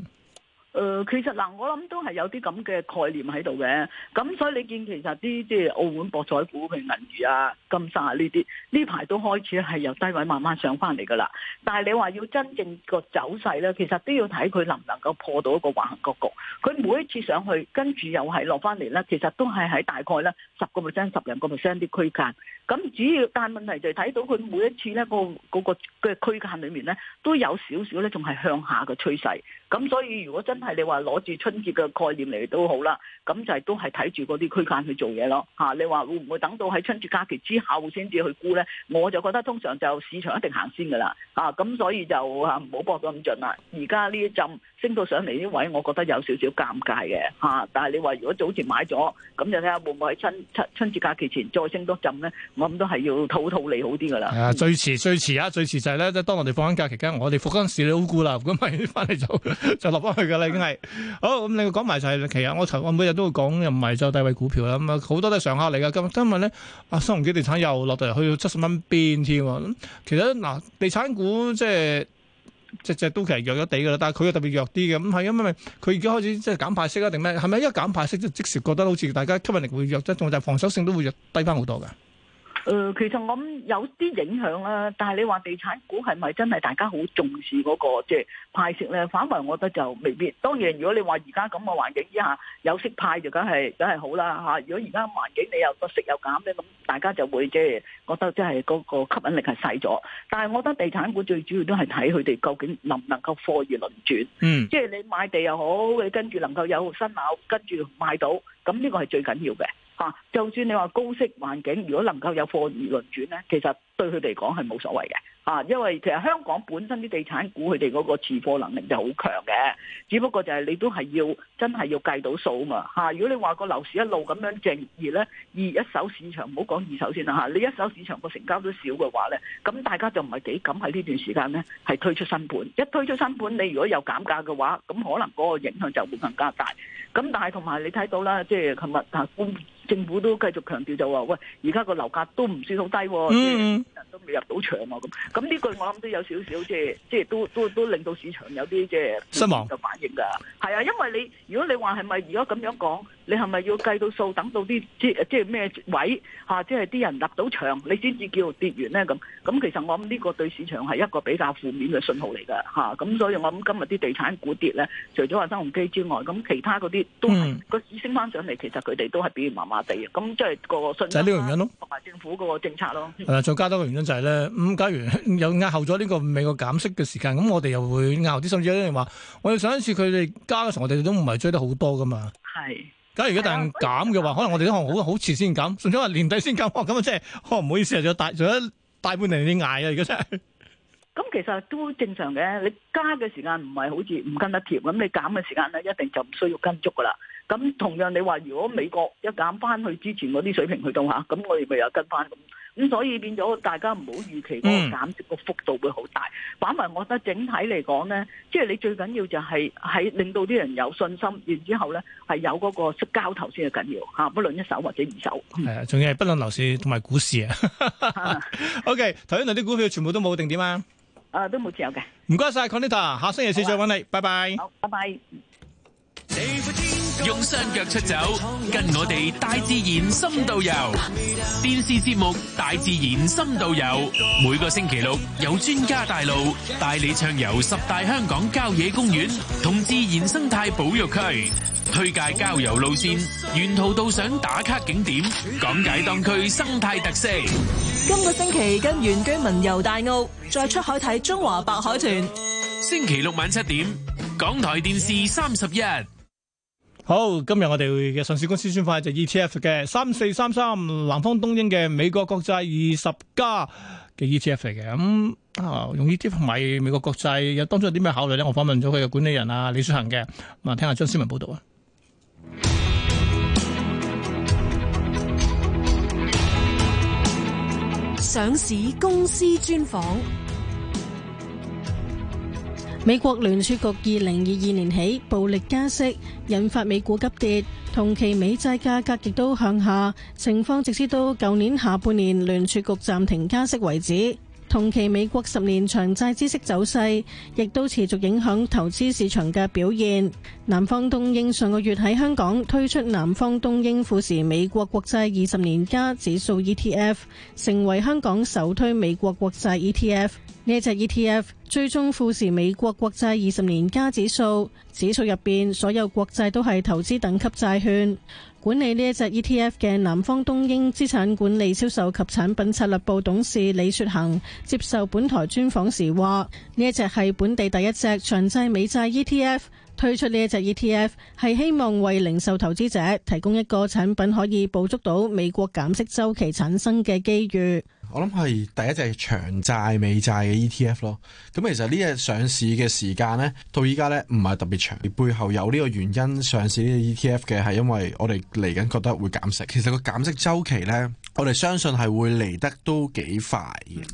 誒、呃，其實嗱、呃，我諗都係有啲咁嘅概念喺度嘅，咁所以你見其實啲即係澳門博彩股譬如銀娛啊、金沙啊呢啲，呢排都開始係由低位慢慢上翻嚟噶啦。但係你話要真正個走勢咧，其實都要睇佢能唔能夠破到一個橫角局。佢每一次上去，跟住又係落翻嚟咧，其實都係喺大概咧十個 percent、十零個 percent 啲區間。咁主要，但係問題就係睇到佢每一次咧、嗰個嗰、嗰個嘅區間裏面咧，都有少少咧仲係向下嘅趨勢。咁所以如果真係你話攞住春節嘅概念嚟都好啦，咁就係都係睇住嗰啲區間去做嘢咯嚇。你話會唔會等到喺春節假期之後先至去沽咧？我就覺得通常就市場一定行先㗎啦嚇。咁、啊、所以就嚇唔好搏咁盡啦。而家呢一浸升到上嚟呢位，我覺得有少少尷尬嘅嚇、啊。但係你話如果早前買咗，咁就睇下會唔會喺春春春節假期前再升多浸咧？我諗都係要套套利好啲㗎啦。啊，最遲最遲啊，最遲就係咧，即係當我哋放緊假期間，我哋復緊市你好沽啦。咁咪翻嚟就～ 就落翻去噶啦，已經係好。咁你講埋就係、是，其實我尋我每日都會講，又唔係就低位股票啦。咁啊好多都係常客嚟噶。咁今日咧、啊，新鴻基地產又落到去到七十蚊邊添。咁其實嗱，地產股即係只只都其實弱咗地噶啦。但係佢又特別弱啲嘅。咁係因為佢而家開始即係減派息啊，定咩？係咪一減派息即即時覺得好似大家吸引力會弱咗，仲就係防守性都會弱低翻好多嘅。誒，其實我有啲影響啦，但係你話地產股係咪真係大家好重視嗰個即係派息咧？反為我覺得就未必。當然，如果你話而家咁嘅環境之下有息派就梗係梗係好啦嚇。如果而家環境你又個息又減咧，咁大家就會即係覺得即係嗰個吸引力係細咗。但係我覺得地產股最主要都係睇佢哋究竟能唔能夠貨如輪轉，嗯，即係你買地又好，你跟住能夠有新樓跟住賣到，咁呢個係最緊要嘅。嚇、啊！就算你話高息環境，如果能夠有貨輪轉呢，其實～對佢哋嚟講係冇所謂嘅，啊，因為其實香港本身啲地產股佢哋嗰個持貨能力就好強嘅，只不過就係你都係要真係要計到數嘛，吓、啊，如果你話個樓市一路咁樣正熱咧，二一手市場唔好講二手先啦，吓、啊，你一手市場個成交都少嘅話咧，咁大家就唔係幾敢喺呢段時間咧係推出新盤，一推出新盤你如果有減價嘅話，咁可能嗰個影響就會更加大。咁但係同埋你睇到啦，即係琴日政府都繼續強調就話，喂，而家個樓價都唔算好低。啊。Mm hmm. 人都未入到場啊！咁咁呢句我諗都有少少即係即係都都都令到市場有啲即係失望嘅反應㗎。係啊，因為你如果你話係咪如果咁樣講。你係咪要計到數，等到啲即即咩位嚇，即係啲人立到場，你先至叫跌完咧咁？咁其實我諗呢個對市場係一個比較負面嘅信號嚟㗎嚇。咁所以我諗今日啲地產股跌咧，除咗話新鴻基之外，咁其他嗰啲都係個市升翻上嚟，其實佢哋都係比較麻麻地嘅。咁即係個信就係呢個原因咯，同埋政府嗰個政策咯。係啦，再加多個原因就係咧，咁加完又押後咗呢個美國減息嘅時間，咁我哋又會押後啲，甚至有人話我哋上一次佢哋加嘅時候，我哋都唔係追得好多㗎嘛。係。咁而家但減嘅話，的可能我哋啲行好好遲先減，的甚至話年底先減。咁、哦、啊，即係，哦唔好意思啊，仲有大仲有大半年要捱啊！而家真係，咁、嗯、其實都正常嘅。你加嘅時間唔係好似唔跟得貼，咁你減嘅時間咧一定就唔需要跟足噶啦。咁同樣你話，如果美國一減翻去之前嗰啲水平去到吓，咁我哋咪又跟翻咁。咁所以變咗大家唔好預期個減息個幅度會好大。反為我覺得整體嚟講咧，即係你最緊要就係喺令到啲人有信心，然之後咧係有嗰個識交投先係緊要嚇，不論一手或者二手。係、嗯、啊，仲要係不論樓市同埋股市啊。OK. 頭先嗰啲股票全部都冇定點啊？誒，都冇持有嘅。唔該晒，Conetta，下星期四再揾你吧，拜拜，拜拜。拜拜。用雙腳出走，跟我哋大自然深度遊。電視節目《大自然深度遊》，每個星期六有專家帶路，帶你暢遊十大香港郊野公園同自然生態保育區，推介郊遊路線，沿途到上打卡景點，講解當區生態特色。今個星期跟原居民遊大澳，再出海睇中華白海豚。星期六晚七點，港台電視三十一。好，今日我哋嘅上市公司專訪就 E T F 嘅三四三三南方東英嘅美國國債二十家嘅 E T F 嚟嘅。咁、嗯、啊用 E T F 買美國國債有當初有啲咩考慮咧？我訪問咗佢嘅管理人啊李雪恒嘅，咁啊聽下張思文報道啊。上市公司專訪。美國聯儲局二零二二年起暴力加息，引發美股急跌，同期美債價格亦都向下，情況直至到舊年下半年聯儲局暫停加息為止。同期美國十年長債孳息走勢，亦都持續影響投資市場嘅表現。南方東英上個月喺香港推出南方東英富時美國國債二十年加指數 ETF，成為香港首推美國國債 ETF 呢隻 ETF。這個 ET 追蹤富時美國國債二十年加指數，指數入邊所有國債都係投資等級債券。管理呢一隻 ETF 嘅南方東英資產管理銷售及產品策略部董事李雪恒接受本台專訪時話：呢一隻係本地第一隻長債美債 ETF，推出呢一隻 ETF 係希望為零售投資者提供一個產品可以捕捉到美國減息周期產生嘅機遇。我諗係第一隻係長債、美債嘅 E T F 咯。咁其實呢隻上市嘅時間呢，到而家呢唔係特別長。你背後有呢個原因上市呢隻 E T F 嘅係因為我哋嚟緊覺得會減息。其實個減息周期呢，我哋相信係會嚟得都幾快。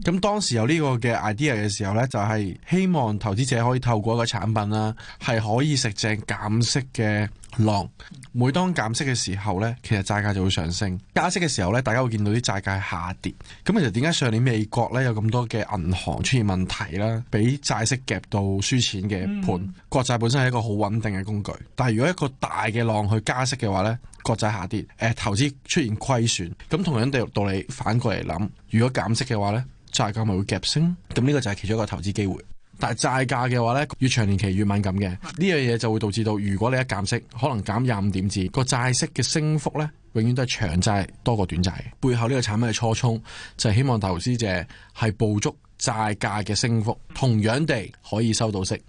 咁當時有呢個嘅 idea 嘅時候呢，就係希望投資者可以透過一個產品啦，係可以食正減息嘅。浪，每當減息嘅時候呢，其實債價就會上升；加息嘅時候呢，大家會見到啲債價下跌。咁其實點解上年美國呢有咁多嘅銀行出現問題啦，俾債息夾到輸錢嘅盤？嗯、國債本身係一個好穩定嘅工具，但係如果一個大嘅浪去加息嘅話呢，國債下跌，誒、呃、投資出現虧損。咁同樣道理，反過嚟諗，如果減息嘅話呢，債價咪會夾升？咁呢個就係其中一個投資機會。但係債價嘅話呢，越長年期越敏感嘅呢樣嘢就會導致到，如果你一減息，可能減廿五點子個債息嘅升幅呢，永遠都係長債多過短債。背後呢個產品嘅初衷就係希望投資者係捕捉債價嘅升幅，同樣地可以收到息。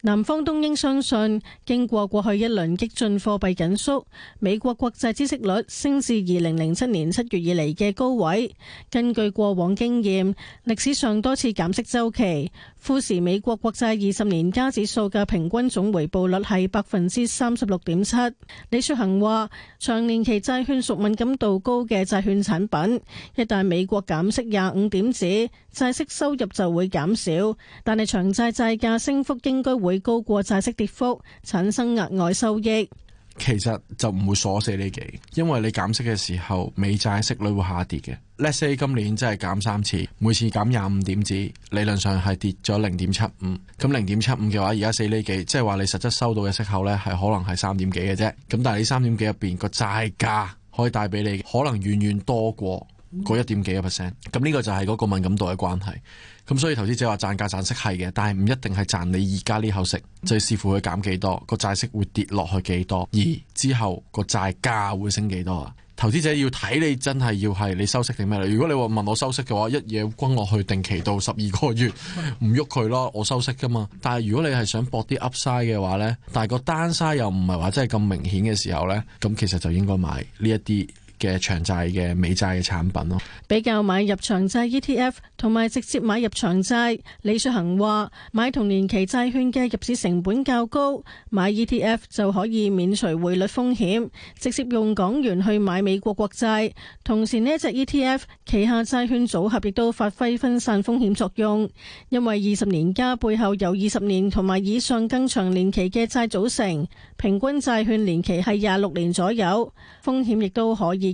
南方東英相信，經過過去一輪激進貨幣緊縮，美國國債孳息率升至二零零七年七月以嚟嘅高位。根據過往經驗，歷史上多次減息週期。富時美國國債二十年加指數嘅平均總回報率係百分之三十六點七。李雪恆話：長年期債券屬敏感度高嘅債券產品，一旦美國減息廿五點子，債息收入就會減少。但係長債債價升幅應該會高過債息跌幅，產生額外收益。其實就唔會鎖死你嘅，因為你減息嘅時候，美債息率會下跌嘅。Let's say 今年真係減三次，每次減廿五點子，理論上係跌咗零點七五。咁零點七五嘅話，而家四厘幾，即係話你實質收到嘅息口呢，係可能係三點幾嘅啫。咁但係你三點幾入面個債價可以帶俾你，可能遠遠多過嗰一點幾嘅 percent。咁呢個就係嗰個敏感度嘅關係。咁所以投資者話賺價賺息係嘅，但係唔一定係賺你而家呢口息，就視乎佢減幾多，個債息會跌落去幾多，而之後個債價會升幾多啊。投資者要睇你真係要係你收息定咩啦？如果你話問我收息嘅話，一嘢轟落去定期到十二個月唔喐佢咯，我收息噶嘛。但係如果你係想搏啲 Upside 嘅話呢，但係個 Downside 又唔係話真係咁明顯嘅時候呢，咁其實就應該買呢一啲。嘅長債嘅美債嘅產品咯，比較買入長債 ETF 同埋直接買入長債。李雪恒話買同年期債券嘅入市成本較高，買 ETF 就可以免除匯率風險，直接用港元去買美國國債。同時呢一隻 ETF 旗下債券組合亦都發揮分散風險作用，因為二十年加背後由二十年同埋以上更長年期嘅債組成，平均債券年期係廿六年左右，風險亦都可以。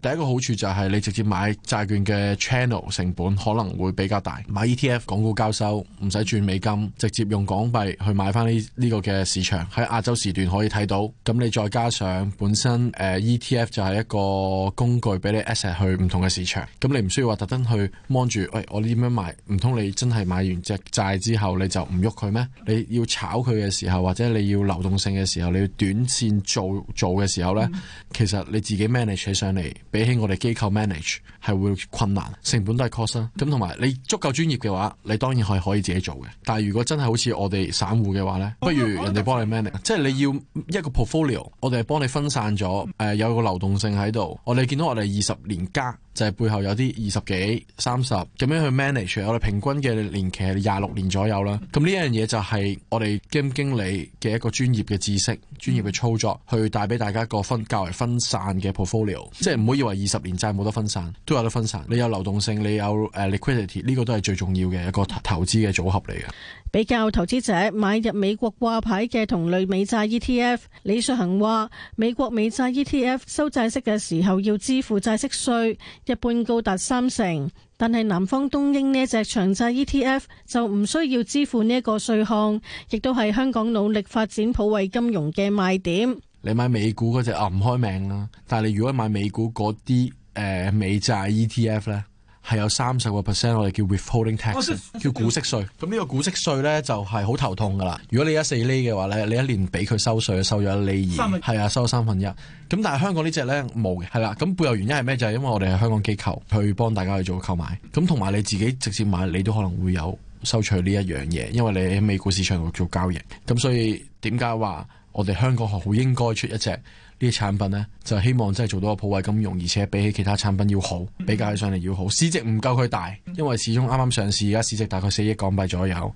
第一個好處就係你直接買債券嘅 channel 成本可能會比較大，買 ETF 港股交收唔使轉美金，直接用港幣去買翻呢呢個嘅市場，喺亞洲時段可以睇到。咁你再加上本身誒、呃、ETF 就係一個工具俾你 asset 去唔同嘅市場，咁你唔需要話特登去 mon 住，喂我點樣賣？唔通你真係買完隻債之後你就唔喐佢咩？你要炒佢嘅時候，或者你要流動性嘅時候，你要短線做做嘅時候呢，其實你自己 manage 起上嚟。比起我哋機構 manage 係會困難，成本都係 cost 啦、啊。咁同埋你足夠專業嘅話，你當然係可以自己做嘅。但係如果真係好似我哋散戶嘅話呢，不如人哋幫你 manage。即係你要一個 portfolio，我哋係幫你分散咗，誒、呃、有個流動性喺度。我哋見到我哋二十年家。就係背後有啲二十幾、三十咁樣去 manage，我哋平均嘅年期係廿六年左右啦。咁呢一樣嘢就係我哋 game 經理嘅一個專業嘅知識、專業嘅操作，去帶俾大家一個分較為分散嘅 portfolio，即係唔好以為二十年債冇得分散，都有得分散。你有流動性，你有誒 liquidity，呢個都係最重要嘅一個投資嘅組合嚟嘅。比較投資者買入美國掛牌嘅同類美債 ETF，李瑞恒話：美國美債 ETF 收債息嘅時候要支付債息稅，一般高達三成。但係南方東英呢隻長債 ETF 就唔需要支付呢一個稅項，亦都係香港努力發展普惠金融嘅賣點。你買美股嗰隻，啊，唔開名啦。但係你如果買美股嗰啲誒美債 ETF 呢？係有三十個 percent，我哋叫 withholding tax，叫股息稅。咁呢 個股息稅呢，就係、是、好頭痛㗎啦。如果你一四厘嘅話呢，你一年俾佢收稅，收咗一厘二，係厘啊，收三分一。咁但係香港呢隻呢，冇嘅，係啦、啊。咁背後原因係咩？就係、是、因為我哋係香港機構去幫大家去做購買。咁同埋你自己直接買，你都可能會有收取呢一樣嘢，因為你喺美股市場度做交易。咁所以點解話我哋香港好應該出一隻？呢啲產品呢，就係、希望真係做到個普惠金融，而且比起其他產品要好，比較起上嚟要好。市值唔夠佢大，因為始終啱啱上市，而家市值大概四億港幣左右。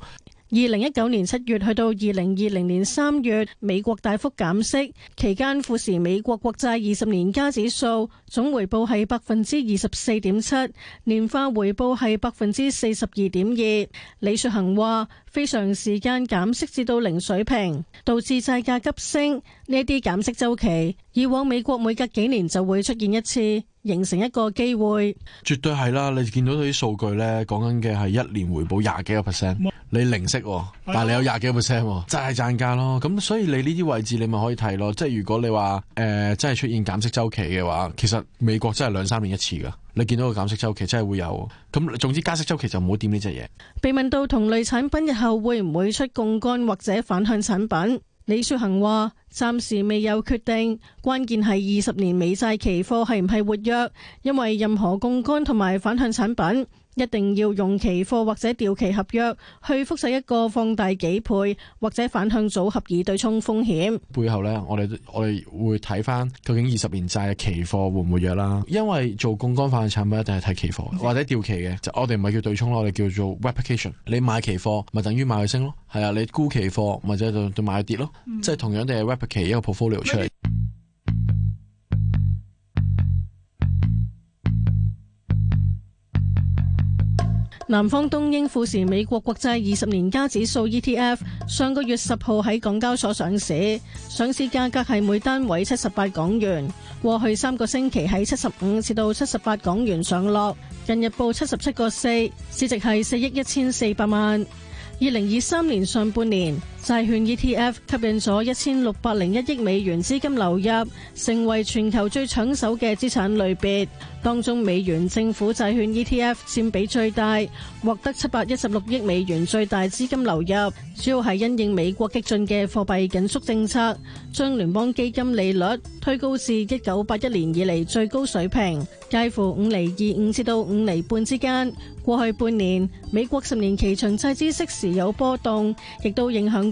二零一九年七月去到二零二零年三月，美國大幅減息期間，富時美國國債二十年加指數總回報係百分之二十四點七，年化回報係百分之四十二點二。李雪恒話：非常時間減息至到零水平，導致債價急升。呢啲減息週期，以往美國每隔幾年就會出現一次，形成一個機會。絕對係啦，你見到啲數據咧，講緊嘅係一年回報廿幾個 percent。你零息，但係你有廿幾 percent，真係賺價咯。咁所以你呢啲位置你咪可以睇咯。即係如果你話誒、呃、真係出現減息周期嘅話，其實美國真係兩三年一次噶。你見到個減息周期真係會有。咁總之加息周期就唔好掂呢隻嘢。被問到同類產品日後會唔會出槓桿或者反向產品，李雪恒話暫時未有決定，關鍵係二十年美債期貨係唔係活躍，因為任何槓桿同埋反向產品。一定要用期貨或者掉期合約去複製一個放大幾倍或者反向組合，以對沖風險。背後咧，我哋我哋會睇返，究竟二十年債嘅期貨會唔會約啦？因為做槓桿化嘅產品一定係睇期貨的或者掉期嘅。就我哋唔係叫對沖咯，我哋叫做 replication。你買期貨咪等於買去升咯，係啊？你沽期貨或者就買、嗯、就買跌咯，即係同樣都係 replication 一個 portfolio 出嚟。南方東英富時美國國債二十年加指數 ETF 上個月十號喺港交所上市，上市價格係每單位七十八港元。過去三個星期喺七十五至到七十八港元上落，近日報七十七個四，市值係四億一千四百萬。二零二三年上半年。債券 ETF 吸引咗一千六百零一億美元資金流入，成為全球最搶手嘅資產類別。當中美元政府債券 ETF 佔比最大，獲得七百一十六億美元最大資金流入。主要係因應美國激進嘅貨幣緊縮政策，將聯邦基金利率推高至一九八一年以嚟最高水平，介乎五厘二五至到五厘半之間。過去半年，美國十年期長債孳息時有波動，亦都影響